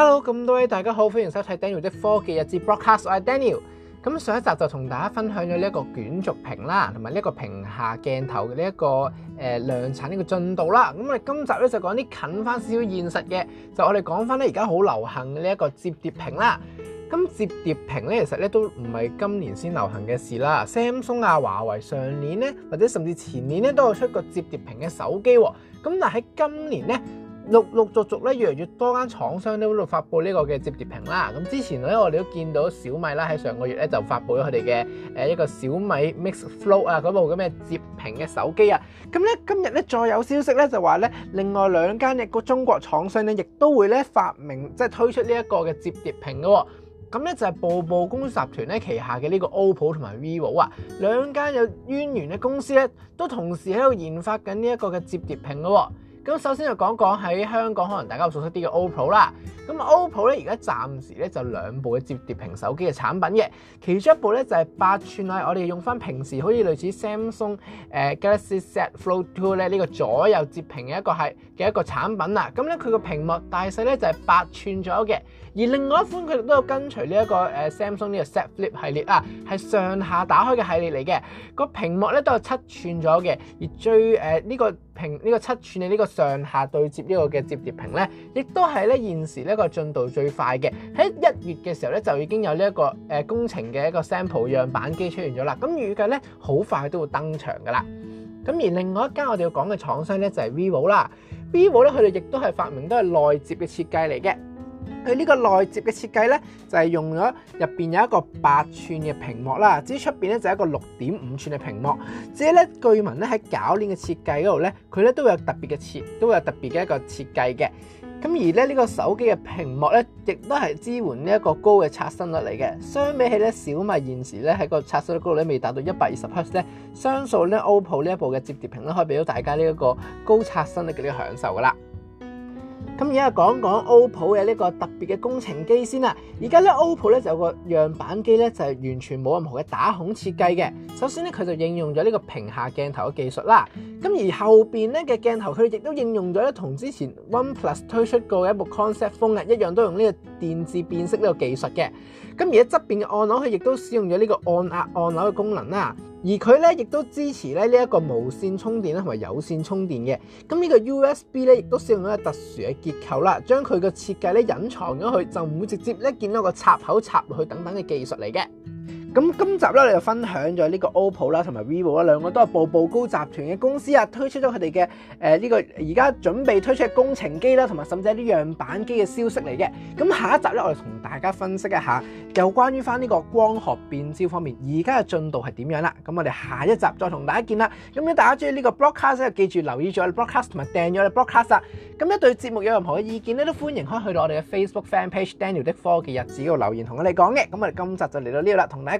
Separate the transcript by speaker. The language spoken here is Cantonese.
Speaker 1: Hello，咁多位大家好，歡迎收睇 Daniel 的科技日誌 Broadcast。我係 Daniel。咁上一集就同大家分享咗呢一個卷軸屏啦，同埋呢一個屏下鏡頭嘅呢一個誒量產呢個進度啦。咁我哋今集咧就講啲近翻少少現實嘅，就我哋講翻咧而家好流行嘅呢一個摺疊屏啦。咁摺疊屏咧，其實咧都唔係今年先流行嘅事啦。Samsung 啊、華為上年咧，或者甚至前年咧都有出過摺疊屏嘅手機喎。咁但喺今年咧，陸陸續續咧，越嚟越多間廠商都喺度發布呢個嘅摺疊屏啦。咁之前咧，我哋都見到小米啦，喺上個月咧就發布咗佢哋嘅誒一個小米 Mix Fold 啊嗰部咁嘅摺屏嘅手機啊。咁咧今日咧再有消息咧就話咧，另外兩間一個中國廠商咧亦都會咧發明即係、就是、推出呢一個嘅摺疊屏嘅。咁咧就係、是、步步高集團咧旗下嘅呢個 OPPO 同埋 VIVO 啊兩間有淵源嘅公司咧，都同時喺度研發緊呢一個嘅摺疊屏嘅。咁首先就講講喺香港，可能大家會熟悉啲嘅 OPPO 啦。咁 OPPO 咧而家暫時咧就兩部嘅摺疊屏手機嘅產品嘅，其中一部咧就係八寸啊！我哋用翻平時好似類似 Samsung 誒、呃、Galaxy Z Fold Two 咧呢個左右摺屏嘅一個係嘅一個產品啊。咁咧佢個屏幕大細咧就係八寸咗嘅，而另外一款佢亦都有跟隨呢一個誒 Samsung 呢個 Z Flip 系列啊，係上下打開嘅系列嚟嘅。個屏幕咧都有七寸咗嘅，而最誒呢、呃呢個屏呢、呢個七寸嘅呢個。上下對接呢個嘅摺疊屏咧，亦都係咧現時呢個進度最快嘅。喺一月嘅時候咧，就已經有呢一個誒工程嘅一個 sample 樣板機出現咗啦。咁預計咧，好快都會登場噶啦。咁而另外一間我哋要講嘅廠商咧，就係 VIVO 啦。VIVO 咧，佢哋亦都係發明都係內接嘅設計嚟嘅。佢呢個內接嘅設計呢，就係、是、用咗入邊有一個八寸嘅屏幕啦，至於出邊呢，就係一個六點五寸嘅屏幕。至於呢據聞呢，喺鉸鏈嘅設計嗰度呢，佢呢都有特別嘅設，都有特別嘅一個設計嘅。咁而呢，呢、這個手機嘅屏幕呢，亦都係支援呢一個高嘅刷新率嚟嘅。相比起呢，小米現時呢，喺個刷新率高度呢，未達到一百二十赫茲呢，相信呢 OPPO 呢一部嘅摺疊屏呢，可以俾到大家呢一個高刷新率嘅呢個享受噶啦。咁而家講講 OPPO 嘅呢個特別嘅工程機先啦。而家咧 OPPO 咧，就有個樣板機咧，就係完全冇任何嘅打孔設計嘅。首先咧，佢就應用咗呢個屏下鏡頭嘅技術啦。咁而後邊咧嘅鏡頭佢亦都應用咗咧，同之前 OnePlus 推出過嘅一部 concept phone 啊一樣都用呢個電子變色呢個技術嘅。咁而喺側邊嘅按鈕，佢亦都使用咗呢個按壓按鈕嘅功能啦。而佢咧，亦都支持咧呢一個無線充電啦，同埋有線充電嘅。咁呢個 USB 咧，亦都使用咗一個特殊嘅結構啦，將佢個設計咧隱藏咗去，就唔會直接咧見到個插口插落去等等嘅技術嚟嘅。咁今集咧，我哋就分享咗呢個 OPPO 啦，同埋 VIVO 啦，兩個都係步步高集團嘅公司啊，推出咗佢哋嘅誒呢個而家準備推出嘅工程機啦，同埋甚至係啲樣板機嘅消息嚟嘅。咁下一集咧，我哋同大家分析一下，有關於翻呢個光學變焦方面，而家嘅進度係點樣啦？咁我哋下一集再同大家見啦。咁咧，大家中意呢個 broadcast，記住留意咗我哋 broadcast 同埋訂咗我哋 broadcast 啦。咁一對節目有任何嘅意見咧，都歡迎可以去到我哋嘅 Facebook fan page Daniel 的科技日子嗰度留言同我哋講嘅。咁我哋今集就嚟到呢度啦，同大家，